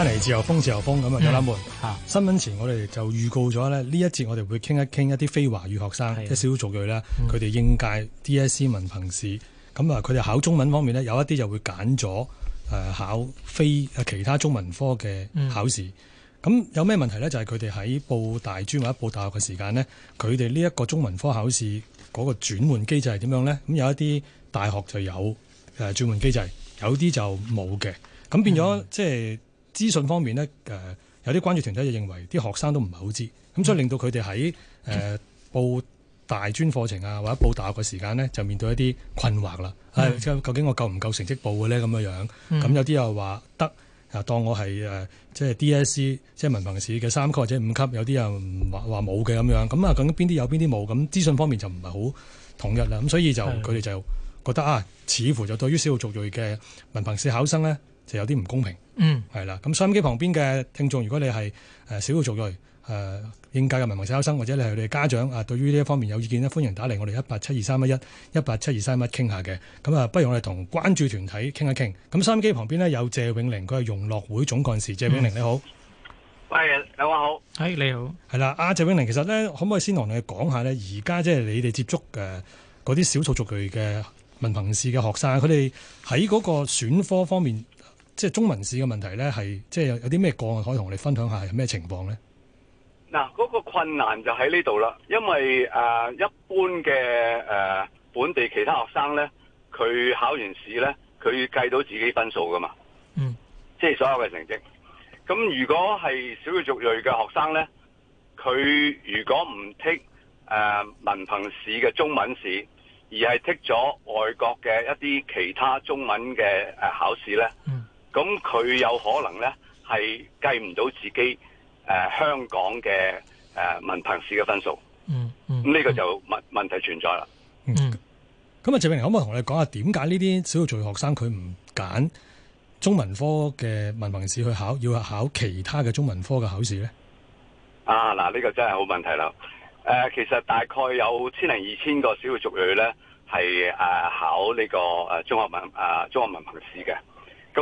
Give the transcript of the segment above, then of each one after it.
翻嚟自由風，自由風咁、嗯、沒啊！兄弟們，新聞前我哋就預告咗咧。呢一節我哋會傾一傾一啲非華語學生，即係少數族裔啦。佢哋、嗯、應屆 DSE 文憑試，咁啊，佢哋考中文方面呢，有一啲就會揀咗誒考非其他中文科嘅考試。咁、嗯、有咩問題呢？就係佢哋喺報大專或者報大學嘅時間呢，佢哋呢一個中文科考試嗰個轉換機制係點樣呢？咁有一啲大學就有誒轉換機制，有啲就冇嘅。咁變咗、嗯、即係。資訊方面呢，誒有啲關注團體就認為啲學生都唔係好知，咁所以令到佢哋喺誒報大專課程啊，或者報大學嘅時間呢，就面對一啲困惑啦。係、嗯哎、究竟我夠唔夠成績報嘅呢？咁樣樣，咁有啲又話得，啊當我係誒、呃、即係 DSE 即係文憑試嘅三級或者五級，有啲又話話冇嘅咁樣。咁啊，究竟邊啲有邊啲冇？咁資訊方面就唔係好統一啦。咁所以就佢哋的就覺得啊，似乎就對於少數族裔嘅文憑試考生呢。就有啲唔公平，嗯，係啦。咁收音機旁邊嘅聽眾，如果你係誒少數族裔、誒、呃、應屆嘅文憑試考生，或者你係你家長啊，對於呢一方面有意見咧，歡迎打嚟我哋一八七二三一一八七二三一傾下嘅。咁啊，不如我哋同關注團體傾一傾。咁收音機旁邊呢，有謝永齡，佢係融樂會總幹事。謝永齡你好，嗯、喂，你好，好，嗨、啊，你好，係啦，阿謝永齡，其實呢，可唔可以先同你講下呢？而家即係你哋接觸嘅嗰啲少數族裔嘅文憑試嘅學生，佢哋喺嗰個選科方面。即係中文試嘅問題咧，係即係有有啲咩個案可以同我哋分享下係咩情況咧？嗱，嗰個困難就喺呢度啦，因為誒、呃、一般嘅誒、呃、本地其他學生咧，佢考完試咧，佢計到自己分數㗎嘛，嗯，即係所有嘅成績。咁如果係小語族裔嘅學生咧，佢如果唔剔誒文憑試嘅中文試，而係剔咗外國嘅一啲其他中文嘅誒考試咧，嗯。咁佢有可能咧，係計唔到自己誒、呃、香港嘅誒、呃、文憑試嘅分數，咁呢、嗯嗯、個就問問題存在啦。咁啊、嗯，謝永齡、嗯，可唔可以同你講下點解呢啲小語族學生佢唔揀中文科嘅文憑試去考，要考其他嘅中文科嘅考試咧？啊，嗱，呢個真係好問題啦。誒、呃，其實大概有千零二千個小語族語咧，係誒、呃、考呢個誒中學文誒、呃、中學文憑試嘅。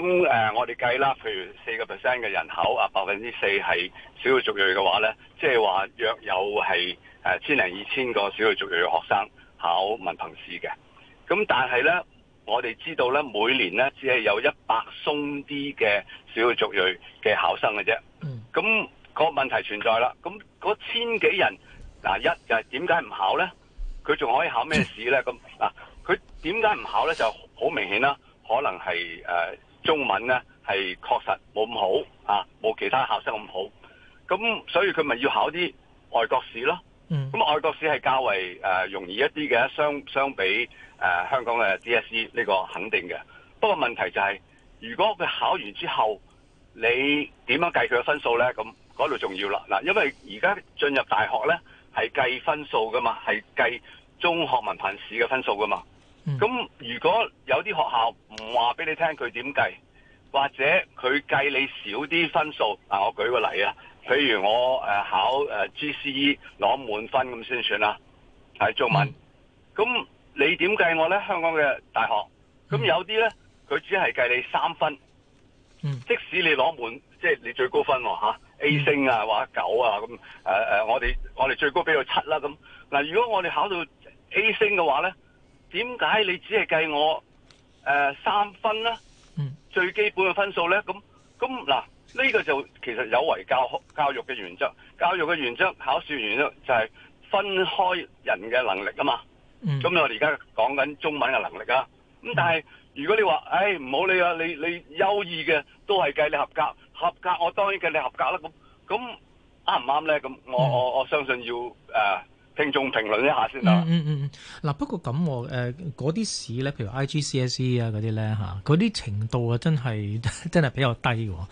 咁我哋計啦，譬如四個 percent 嘅人口啊，百分之四係少數族裔嘅話咧，即係話約有係千零二千個少數族裔嘅學生考文憑試嘅。咁但係咧，我哋知道咧，每年咧只係有100一百鬆啲嘅少數族裔嘅考生嘅啫。咁、那個問題存在啦。咁嗰千幾人嗱、啊、一就係點解唔考咧？佢仲可以考咩試咧？咁嗱，佢點解唔考咧？就好明顯啦，可能係中文呢係確實冇咁好啊，冇其他考生咁好，咁所以佢咪要考啲外國試咯。咁外國試係較為誒、呃、容易一啲嘅，相相比誒、呃、香港嘅 DSE 呢個肯定嘅。不過問題就係、是，如果佢考完之後，你點樣計佢嘅分數呢？咁嗰度重要啦。嗱，因為而家進入大學呢，係計分數㗎嘛，係計中學文憑試嘅分數㗎嘛。咁、嗯、如果有啲學校唔話俾你聽佢點計，或者佢計你少啲分數。嗱，我舉個例啊，譬如我考 GCE 攞滿分咁先算啦，係中文。咁、嗯、你點計我咧？香港嘅大學，咁有啲咧，佢只係計你三分，即使你攞滿，即、就、係、是、你最高分喎、啊、A 星啊，或者九啊咁、呃、我哋我哋最高俾到七啦咁。嗱，如果我哋考到 A 星嘅話咧？點解你只係計我誒、呃、三分咧？最基本嘅分數咧，咁咁嗱，呢、啊這個就其實有違教教育嘅原則，教育嘅原則，考試原則就係分開人嘅能力啊嘛。咁、嗯、我哋而家講緊中文嘅能力啊。咁但係如果你話，誒唔好理啊，你你優異嘅都係計你合格，合格我當然計你合格啦。咁咁啱唔啱咧？咁我我我相信要誒。呃聽眾評論一下先啦、啊嗯。嗯嗯嗯，嗱不過咁喎、啊，嗰啲市咧，譬如 I G C S E 啊嗰啲咧嗰啲程度啊真係真係比較低喎、啊。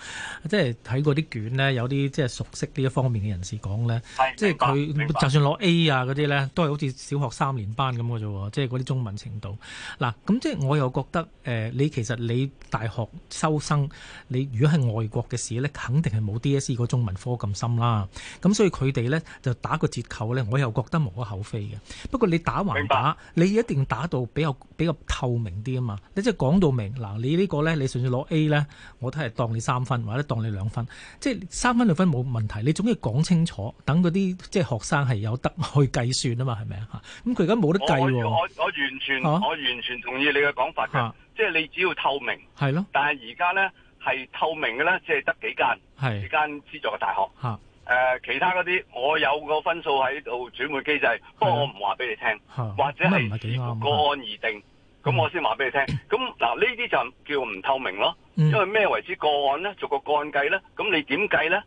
即係睇嗰啲卷咧，有啲即係熟悉呢一方面嘅人士講咧，是即係佢就算攞 A 啊嗰啲咧，都係好似小學三年班咁嘅啫喎。即係嗰啲中文程度。嗱咁即係我又覺得誒、呃，你其實你大學收生，你如果係外國嘅市咧，肯定係冇 D S E 個中文科咁深啦、啊。咁所以佢哋咧就打個折扣咧，我又覺得無可厚非嘅，不過你打橫打，白你一定打到比較比較透明啲啊嘛！你即係講到明嗱，你個呢個咧，你甚至攞 A 咧，我都係當你三分或者當你兩分，即係三分兩分冇問題。你總要講清楚，等嗰啲即係學生係有得去計算啊嘛，係咪啊？咁佢而家冇得計喎。我我完全、啊、我完全同意你嘅講法嘅，即係、啊、你只要透明係咯。但係而家咧係透明嘅咧，即係得幾間係幾是間資助嘅大學嚇。啊誒、呃，其他嗰啲我有個分數喺度轉換機制，不過我唔話俾你聽，啊、或者係個案而定，咁、啊、我先話俾你聽。咁嗱呢啲就叫唔透明咯，因為咩為之個案咧？逐個個案計咧，咁你點計咧？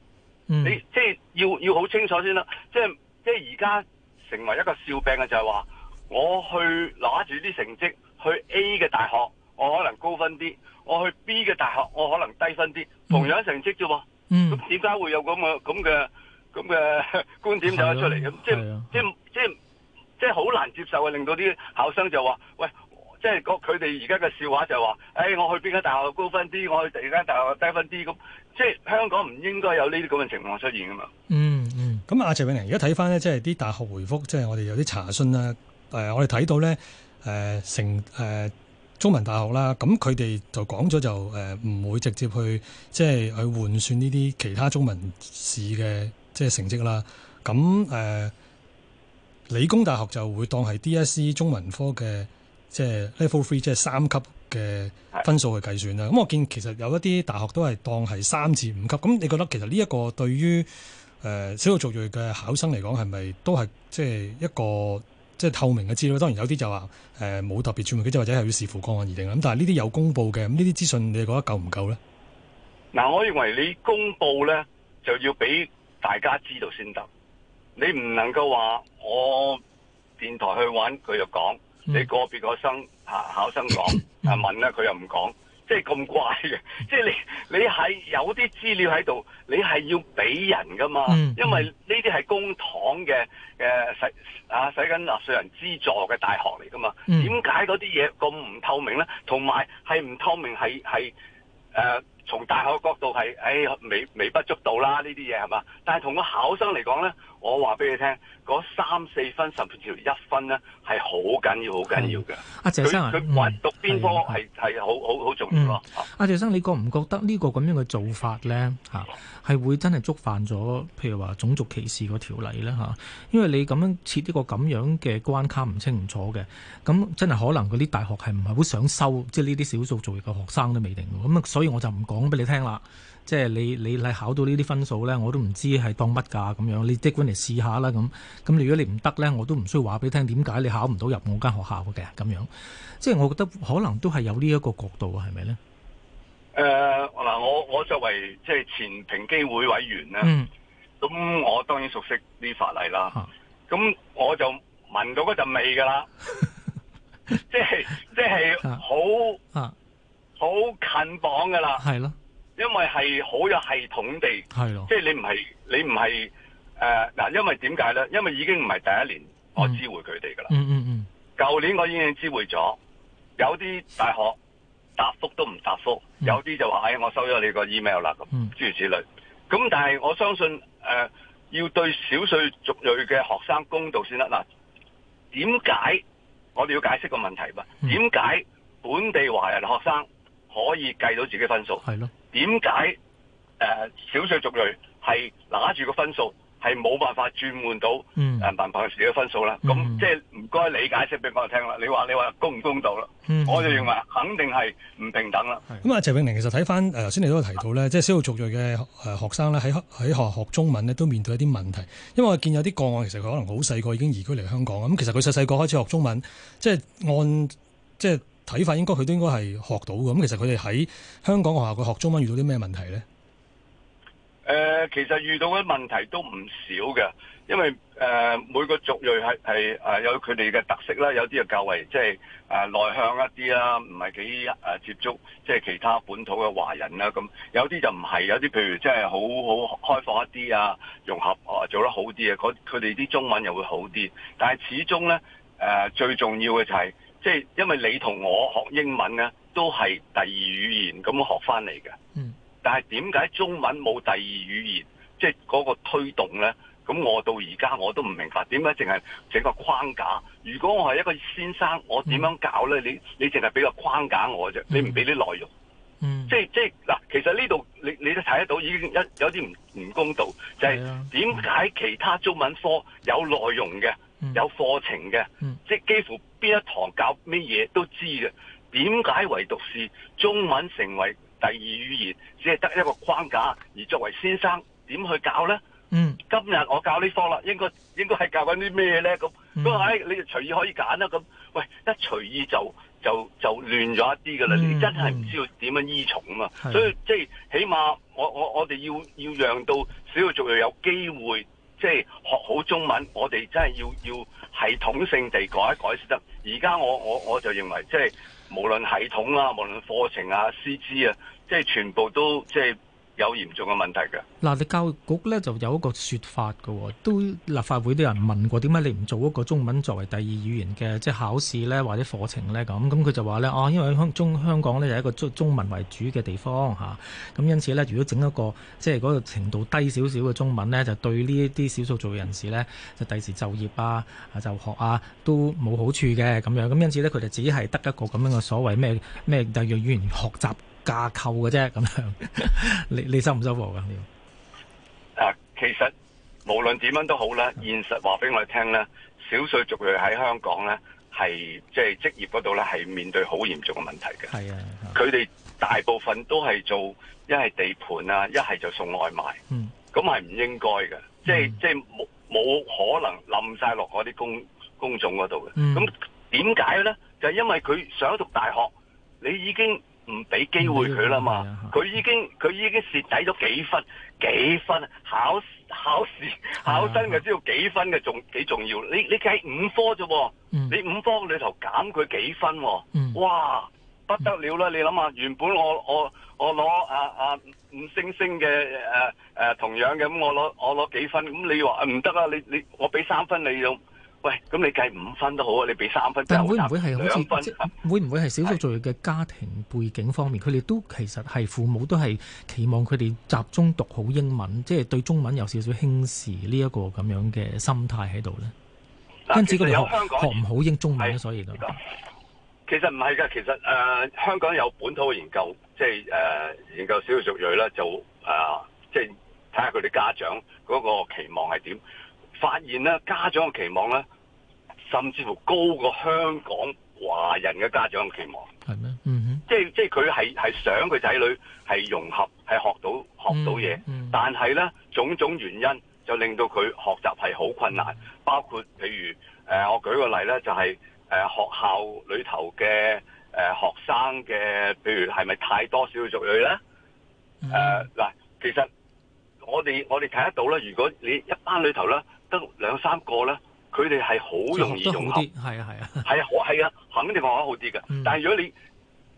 嗯、你即係要要好清楚先啦。即係即係而家成為一個笑柄嘅就係話，我去攞住啲成績去 A 嘅大學，我可能高分啲；我去 B 嘅大學，我可能低分啲。同樣成績啫喎。嗯嗯，咁點解會有咁嘅咁嘅咁嘅觀點走咗出嚟？咁的即係的即係的即係即係好難接受啊！令到啲考生就話：喂，即係佢哋而家嘅笑話就係話，誒、哎，我去邊間大學高分啲，我去第二間大學低分啲，咁即係香港唔應該有呢啲咁嘅情況出現噶嘛？嗯嗯，咁、嗯、阿、嗯啊、謝永齡，而家睇翻咧，即係啲大學回復，即係我哋有啲查詢啦。誒、呃，我哋睇到咧，誒、呃，成誒。呃中文大學啦，咁佢哋就講咗就誒唔、呃、會直接去即係去換算呢啲其他中文試嘅即係成績啦。咁誒、呃，理工大學就會當係 DSE 中文科嘅即係 level three，即係三級嘅分數去計算啦。咁的我見其實有一啲大學都係當係三至五級。咁你覺得其實呢一個對於誒、呃、少數族裔嘅考生嚟講，係咪都係即係一個？即係透明嘅資料，當然有啲就話誒冇特別傳媒記者或者係要視乎個案而定。咁但係呢啲有公佈嘅，咁呢啲資訊你覺得夠唔夠咧？嗱，嗯、 我認為你公佈咧就要俾大家知道先得。你唔能夠話我電台去玩，佢又講，你個別個生考考生講問咧佢又唔講。 即係咁怪嘅，即係你你係有啲資料喺度，你係要俾人㗎嘛？因為呢啲係公帑嘅誒使啊，使緊納稅人資助嘅大學嚟㗎嘛？點解嗰啲嘢咁唔透明咧？同埋係唔透明係係從大學角度係，唉、哎，微微不足道啦，呢啲嘢係嘛？但係同個考生嚟講咧，我話俾你聽，嗰三四分甚至乎一分呢，係好緊要、好緊要嘅。阿謝生啊，佢佢讀邊科係係好好好重要咯。阿謝、嗯啊、生，你覺唔覺得呢個咁樣嘅做法咧，嚇、啊、係會真係觸犯咗，譬如話種族歧視個條例咧嚇、啊？因為你咁樣設呢個咁樣嘅關卡唔清唔楚嘅，咁真係可能嗰啲大學係唔係好想收，即係呢啲少數族裔嘅學生都未定嘅咁啊，所以我就唔覺。講俾你聽啦，即係你你你考到呢啲分數呢，我都唔知係當乜噶咁樣。你即管嚟試下啦咁。咁如果你唔得呢，我都唔需要話俾你聽點解你考唔到入我間學校嘅咁樣。即係我覺得可能都係有呢一個角度啊，係咪呢？誒，嗱，我我作為即係前平機會委員咧，咁、嗯、我當然熟悉呢法例啦。咁、啊、我就聞到嗰陣味噶啦， 即係即係好啊。啊好近榜噶啦，的係咯的、呃，因為係好有系統地，係咯，即係你唔係你唔係誒嗱，因為點解咧？因為已經唔係第一年我知會佢哋噶啦，嗯嗯嗯，舊、嗯、年我已經知會咗，有啲大學答覆都唔答覆，嗯、有啲就話唉、哎，我收咗你個 email 啦，咁諸如此類，咁但係我相信誒、呃，要對少數族裔嘅學生公道先得嗱，點、呃、解我哋要解釋個問題嘛？點解、嗯、本地華人學生？可以計到自己分數，係咯的？點解誒少數族裔係攞住個分數係冇辦法轉換到誒文憑自己嘅分數咧？咁即係唔該你解釋俾我聽啦。你話你話公唔公道啦？嗯、我就認為肯定係唔平等啦。咁啊的，謝永齡其實睇翻誒，頭、呃、先你都提到咧，即係少數族裔嘅誒學生咧，喺喺學學中文咧都面對一啲問題。因為我見有啲個案，其實佢可能好細個已經移居嚟香港咁、嗯、其實佢細細個開始學中文，即、就、係、是、按即係。就是睇法應該佢都應該係學到嘅，咁其實佢哋喺香港學校嘅學中文遇到啲咩問題呢？誒、呃，其實遇到嘅問題都唔少嘅，因為誒、呃、每個族裔係係誒有佢哋嘅特色啦，有啲就較為即係誒內向一啲啦，唔係幾一接觸即係、就是、其他本土嘅華人啦。咁有啲就唔係，有啲譬如即係好好開放一啲啊，融合啊做得好啲啊，佢哋啲中文又會好啲。但係始終呢，誒、呃，最重要嘅就係。即係因為你同我學英文咧，都係第二語言咁學翻嚟嘅。嗯。但係點解中文冇第二語言？即係嗰個推動咧。咁我到而家我都唔明白，點解淨係整個框架？如果我係一個先生，我點樣教咧？嗯。你你淨係俾個框架我啫，你唔俾啲內容。嗯。即係即係嗱，其實呢度你你都睇得到，已經有一有啲唔唔公道，就係點解其他中文科有內容嘅？嗯、有課程嘅，嗯、即係幾乎邊一堂教咩嘢都知嘅。點解唯獨是中文成為第二語言，只係得一個框架？而作為先生點去教呢？嗯、今日我教呢科啦，應該應該係教緊啲咩呢？咁都誒，你隨意可以揀啦。咁喂，一隨意就就就亂咗一啲㗎啦。嗯、你真係唔知道點樣依從啊、嗯、所以即係的起碼我我我哋要要讓到小學族人有機會。即係學好中文，我哋真係要要系統性地改一改先得。而家我我我就認為，即係無論系統啊，無論課程啊、師資啊，即係全部都即係。有嚴重嘅問題嘅。嗱，你教育局咧就有一個説法嘅，都立法會都有人問過，點解你唔做一個中文作為第二語言嘅即係考試咧，或者課程咧咁？咁佢就話咧，哦、啊，因為香中香港咧就係一個中中文為主嘅地方嚇，咁因此咧，如果整一個即係嗰個程度低少少嘅中文咧，就對呢一啲少數族裔人士咧，就第時就業啊、啊就學啊都冇好處嘅咁樣。咁因此咧，佢就只係得一個咁樣嘅所謂咩咩第二語言學習。架構嘅啫，咁樣你你收唔收貨噶？啊，其實無論點樣都好啦。現實話俾我哋聽咧，少數族裔喺香港咧，係即係職業嗰度咧，係面對好嚴重嘅問題嘅。係啊，佢哋、啊、大部分都係做一係地盤啊，一係就送外賣。嗯，咁係唔應該嘅，即係、嗯、即係冇冇可能冧晒落嗰啲工工種嗰度嘅。嗯，咁點解咧？就係、是、因為佢想讀大學，你已經。唔俾機會佢啦嘛，佢、嗯嗯嗯、已經佢已經蝕底咗幾分，幾分考考試考生就知道幾分嘅重幾重要。你你計五科啫，嗯、你五科裏頭減佢幾分、啊，哇不得了啦！嗯嗯、你諗下，原本我我我攞啊啊五星星嘅誒、啊啊、同樣嘅咁，我攞我攞幾分咁，你話啊唔得啊！你你我俾三分你用。喂，咁你計五分都好啊，你俾三分，但會唔會係好似兩分，會唔會係少數族裔嘅家庭背景方面，佢哋係都其實係父母都係期望佢哋集中讀好英文，即係對中文有少少輕視呢一個咁樣嘅心態喺度咧。啊，跟住佢哋學唔好英中文咧，所以就其實唔係噶，其實誒，香港有本土嘅研究，即係誒研究少數族裔咧，就誒即係睇下佢哋家長嗰個期望係點。發現咧，家長嘅期望咧，甚至乎高過香港華人嘅家長嘅期望。係咩？嗯、mm、哼、hmm.，即係即係佢係係想佢仔女係融合，係學到學到嘢。Mm hmm. 但係咧，種種原因就令到佢學習係好困難。Mm hmm. 包括譬如誒、呃，我舉個例咧，就係、是、誒、呃、學校裏頭嘅誒、呃、學生嘅，譬如係咪太多少數族裔咧？誒嗱、mm hmm. 呃，其實我哋我哋睇得到啦。如果你一班裏頭咧，得兩三個咧，佢哋係好容易用啲，係啊係啊，係啊係啊，肯定好啲嘅。但係如果你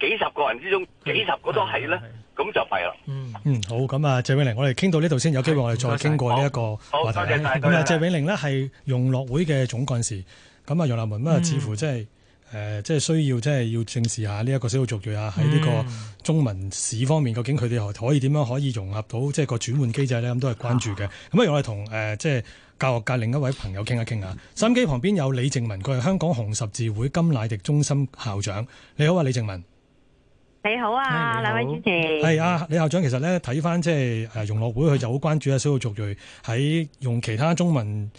幾十個人之中，幾十個都係咧，咁就弊啦。嗯，好，咁啊，謝永齡，我哋傾到呢度先，有機會我哋再傾過呢一個。好，咁啊，謝永齡咧係融樂會嘅總幹事，咁啊，楊立文咧似乎即係。誒、呃，即係需要，即係要正視下呢一個少數族裔啊，喺呢、嗯、個中文史方面，究竟佢哋可以點樣可以融合到即係、就是、個轉換機制呢？咁都係關注嘅。咁、哦、不如我哋同、呃、即係教育界另一位朋友傾一傾啊。收音機旁邊有李靜雯，佢係香港紅十字會甘迺迪中心校長。你好啊，李靜雯。你好啊，Hi, 你好。兩位主持。係啊，李校長，其實呢，睇翻即係融樂會，佢就好關注啊少數族裔喺用其他中文。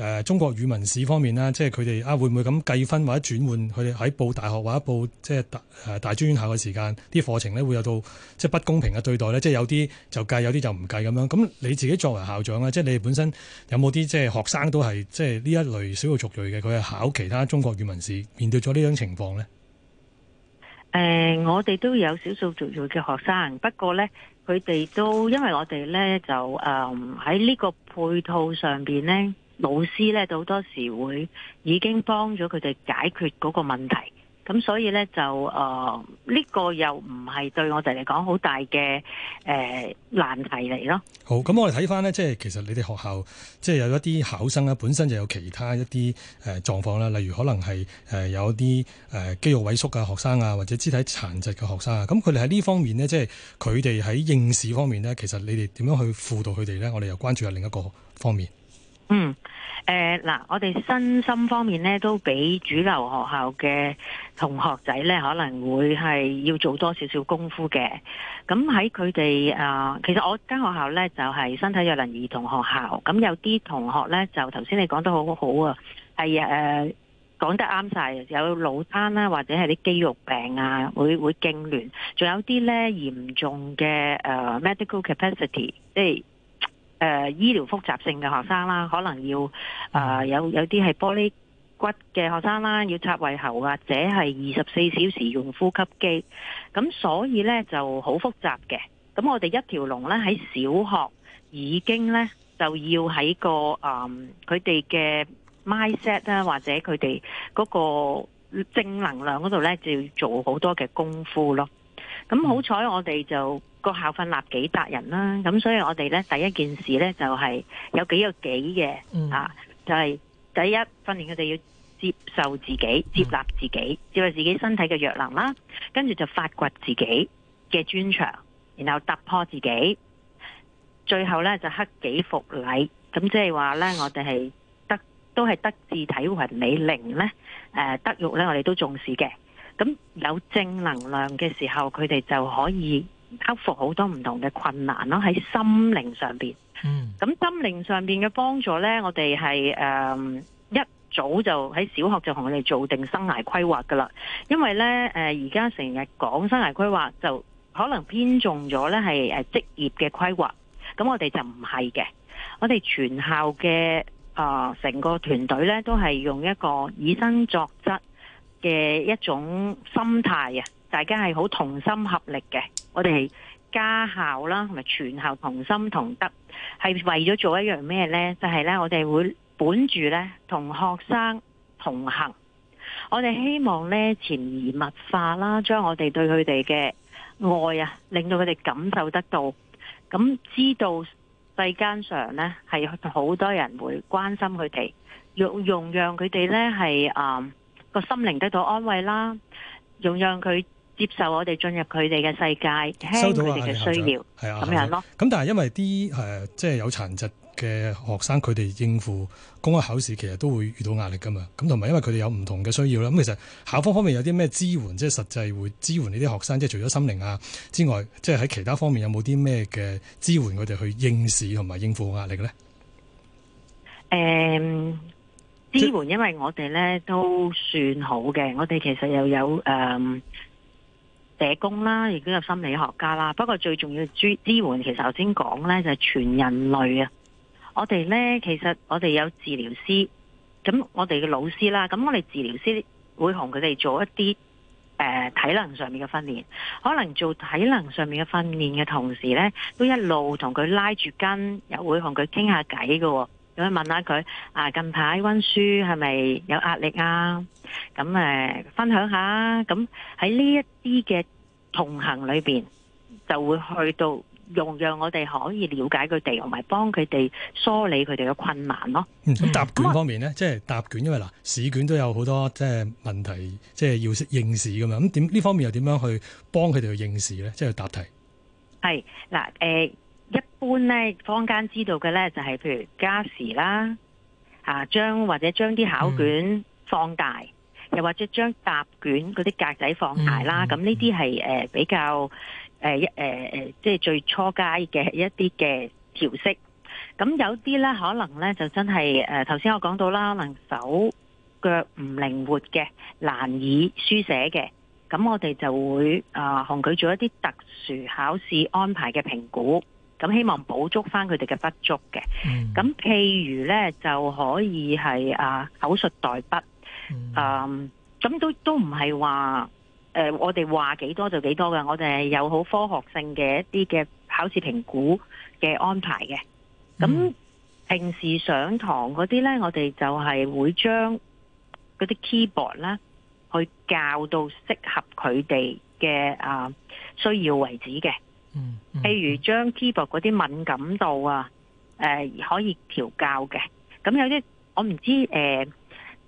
誒、呃、中國語文史方面咧，即係佢哋啊，會唔會咁計分或者轉換佢哋喺報大學或者報即係大誒、呃、大專院校嘅時間啲課程咧，會有到即係不公平嘅對待咧？即係有啲就計，有啲就唔計咁樣。咁你自己作為校長咧，即係你哋本身有冇啲即係學生都係即係呢一類少數族裔嘅佢係考其他中國語文試，面對咗呢種情況呢？誒、呃，我哋都有少數族裔嘅學生，不過呢，佢哋都因為我哋呢就誒喺呢個配套上邊呢。老師咧，好多時會已經幫咗佢哋解決嗰個問題，咁所以咧就誒呢、呃呢個又唔係對我哋嚟講好大嘅誒、呃、難題嚟咯。好，咁我哋睇翻呢，即係其實你哋學校即係有一啲考生啊，本身就有其他一啲誒、呃、狀況啦，例如可能係誒有啲誒、呃、肌肉萎縮嘅學生啊，或者肢體殘疾嘅學生啊，咁佢哋喺呢方面呢，即係佢哋喺應試方面呢，其實你哋點樣去輔導佢哋呢？我哋又關注下另一個方面。嗯，誒、呃、嗱，我哋身心方面咧，都比主流學校嘅同學仔咧，可能會係要做多少少功夫嘅。咁喺佢哋啊，其實我間學校咧就係、是、身體弱能兒童學校。咁有啲同學咧，就頭先你講得好、呃、講得好啊，係誒講得啱晒。有腦癱啦，或者係啲肌肉病啊，會會痙攣，仲有啲咧嚴重嘅、呃、medical capacity，即係。誒，醫療複雜性嘅學生啦，可能要誒有有啲係玻璃骨嘅學生啦，要插胃喉，或者係二十四小時用呼吸機，咁所以呢就好複雜嘅。咁我哋一條龍呢喺小學已經呢就要喺個誒佢哋嘅 mindset 啦，或者佢哋嗰個正能量嗰度呢就要做好多嘅功夫咯。咁好彩我哋就。個校訓立己達人啦，咁所以我哋咧第一件事咧就係有幾個己嘅啊，就係第一訓練佢哋要接受自己、接納自己、接納自己身體嘅弱能啦，跟住就發掘自己嘅專長，然後突破自己，最後咧就克己復禮。咁即係話咧，我哋係德都係德智體群美靈咧，誒德育咧我哋都重視嘅。咁有正能量嘅時候，佢哋就可以，克服好多唔同嘅困難咯，喺心靈上邊。咁、嗯、心靈上邊嘅幫助呢，我哋係誒一早就喺小學就同我哋做定生涯規劃噶啦。因為呢，誒而家成日講生涯規劃，就可能偏重咗呢係誒職業嘅規劃。咁我哋就唔係嘅，我哋全校嘅誒成個團隊呢，都係用一個以身作則嘅一種心態啊。大家係好同心合力嘅，我哋係家校啦，同埋全校同心同德，係為咗做一樣咩呢？就係呢，我哋會本住呢同學生同行，我哋希望呢，潛移默化啦，將我哋對佢哋嘅愛啊，令到佢哋感受得到，咁知道世間上呢係好多人會關心佢哋，容容讓佢哋呢係啊個心靈得到安慰啦，容讓佢，接受我哋進入佢哋嘅世界，聽到佢哋嘅需要，係啊咁樣咯。咁要但係因為啲誒即係有殘疾嘅學生，佢哋應付公開考試，其實都會遇到壓力噶嘛。咁同埋因為佢哋有唔同嘅需要啦。咁其實校方方面有啲咩支援，即係實際會支援呢啲學生，即係除咗心靈啊之外，即係喺其他方面有冇啲咩嘅支援佢哋去應試同埋應付壓力嘅咧？誒、嗯，支援因為我哋咧都算好嘅，即我哋其實又有誒。嗯社工啦，亦都有心理學家啦。不過最重要支支援，其實頭先講咧就係全人類啊。我哋咧其實我哋有治療師，咁我哋嘅老師啦，咁我哋治療師會同佢哋做一啲誒、呃、體能上面嘅訓練，可能做體能上面嘅訓練嘅同時咧，都一路同佢拉住筋，又會同佢傾下偈嘅。咁問下佢啊，近排溫書係咪有壓力啊？咁誒，分享下。咁喺呢一啲嘅同行裏邊，就會去到用，讓我哋可以瞭解佢哋，同埋幫佢哋梳理佢哋嘅困難咯。咁答卷方面呢，即係答卷，因為嗱，試卷都有好多即係問題，即係要識應試㗎嘛。咁點呢方面又點樣去幫佢哋去應試呢？即係答題。係嗱誒。一般咧，坊間知道嘅咧就係、是、譬如加時啦，啊將或者將啲考卷放大，嗯、又或者將答卷嗰啲格仔放大啦。咁呢啲係誒比較誒一、呃呃、即係最初階嘅一啲嘅調適。咁有啲咧可能咧就真係誒頭先我講到啦，可能手腳唔靈活嘅，難以書寫嘅，咁我哋就會啊同佢做一啲特殊考試安排嘅評估。咁希望補足翻佢哋嘅不足嘅。咁、嗯、譬如呢，就可以係啊口述代筆啊，咁、嗯嗯、都都唔係話誒，我哋話幾多就幾多嘅。我哋係有好科學性嘅一啲嘅考試評估嘅安排嘅。咁、嗯、平時上堂嗰啲呢，我哋就係會將嗰啲 keyboard 啦，去教到適合佢哋嘅啊需要為止嘅。嗯。譬如將 keyboard 嗰啲敏感度啊，誒、呃、可以調校嘅。咁有啲我唔知誒、呃、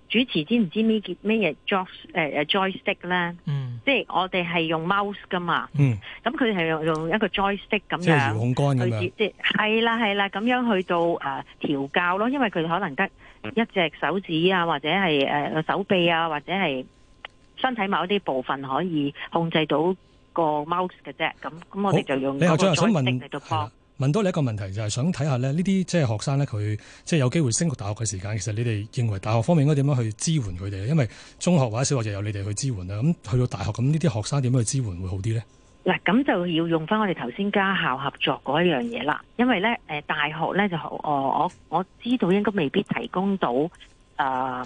主持知唔知咩叫咩嘢 joys joystick 咧？呃、joy 呢嗯，即係我哋係用 mouse 噶嘛。嗯。咁佢係用用一個 joystick 咁樣。即係遙控杆，即係啦係啦，咁樣去到誒、呃、調校咯，因為佢可能得一隻手指啊，或者係誒、呃、手臂啊，或者係身體某啲部分可以控制到。個 mouse 嘅啫，咁咁我哋就用你咗嚟到幫。問多你一個問題就係、是、想睇下咧，呢啲即係學生咧，佢即係有機會升讀大學嘅時間，其實你哋認為大學方面應該點樣去支援佢哋？因為中學或者小學就由你哋去支援啦。咁去到大學，咁呢啲學生點樣去支援會好啲咧？嗱，咁就要用翻我哋頭先家校合作嗰一樣嘢啦。因為咧，誒、呃，大學咧就，哦、我我我知道應該未必提供到誒。呃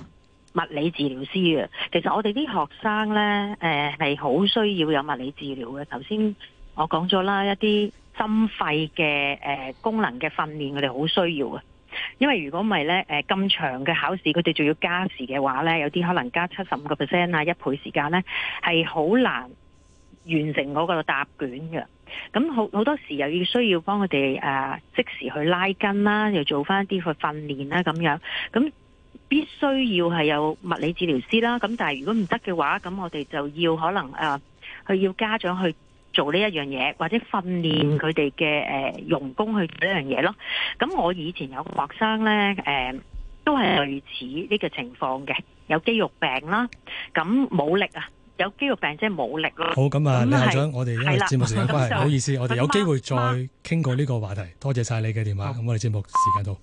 物理治療師嘅，其實我哋啲學生咧，誒係好需要有物理治療嘅。頭先我講咗啦，一啲心肺嘅誒、呃、功能嘅訓練，佢哋好需要嘅。因為如果唔係咧，咁、呃、長嘅考試，佢哋仲要加時嘅話咧，有啲可能加七十五個 percent 啊，一倍時間咧係好難完成嗰個答卷嘅。咁好好多時又要需要幫佢哋誒即時去拉筋啦，又做翻一啲去訓練啦，咁樣咁。必須要係有物理治療師啦，咁但係如果唔得嘅話，咁我哋就要可能誒去要家長去做呢一樣嘢，或者訓練佢哋嘅誒用功去做呢樣嘢咯。咁我以前有個學生咧，誒都係類似呢個情況嘅，有肌肉病啦，咁冇力啊，有肌肉病即係冇力咯。好，咁啊，李校長，我哋因為節目時間關係，唔好意思，我哋有機會再傾過呢個話題，多謝曬你嘅電話，咁我哋節目時間到。